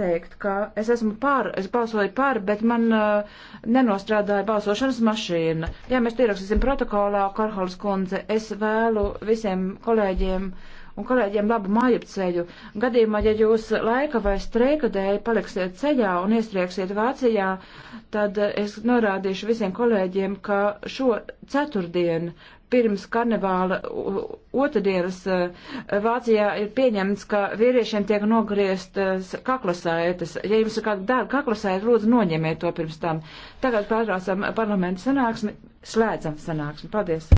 teikt, ka es esmu pār, es balsoju pār, bet man uh, nenostrādāja balsošanas mašīna. Ja mēs ierakstīsim protokolā, Karholas kundze, es vēlu visiem kolēģiem un kolēģiem labu mājupceļu. Gadījumā, ja jūs laika vai streika dēļ paliksiet ceļā un iestrieksiet Vācijā, tad es norādīšu visiem kolēģiem, ka šo ceturtdienu pirms karnevāla otrdienas eh, Vācijā ir pieņemts, ka vīriešiem tiek nogrieztas eh, kaklasaitas. Ja jums ir kāda dara kaklasaita, lūdzu noņemiet to pirms tam. Tagad pārtraucam parlamentu sanāksmi, slēdzam sanāksmi. Paldies!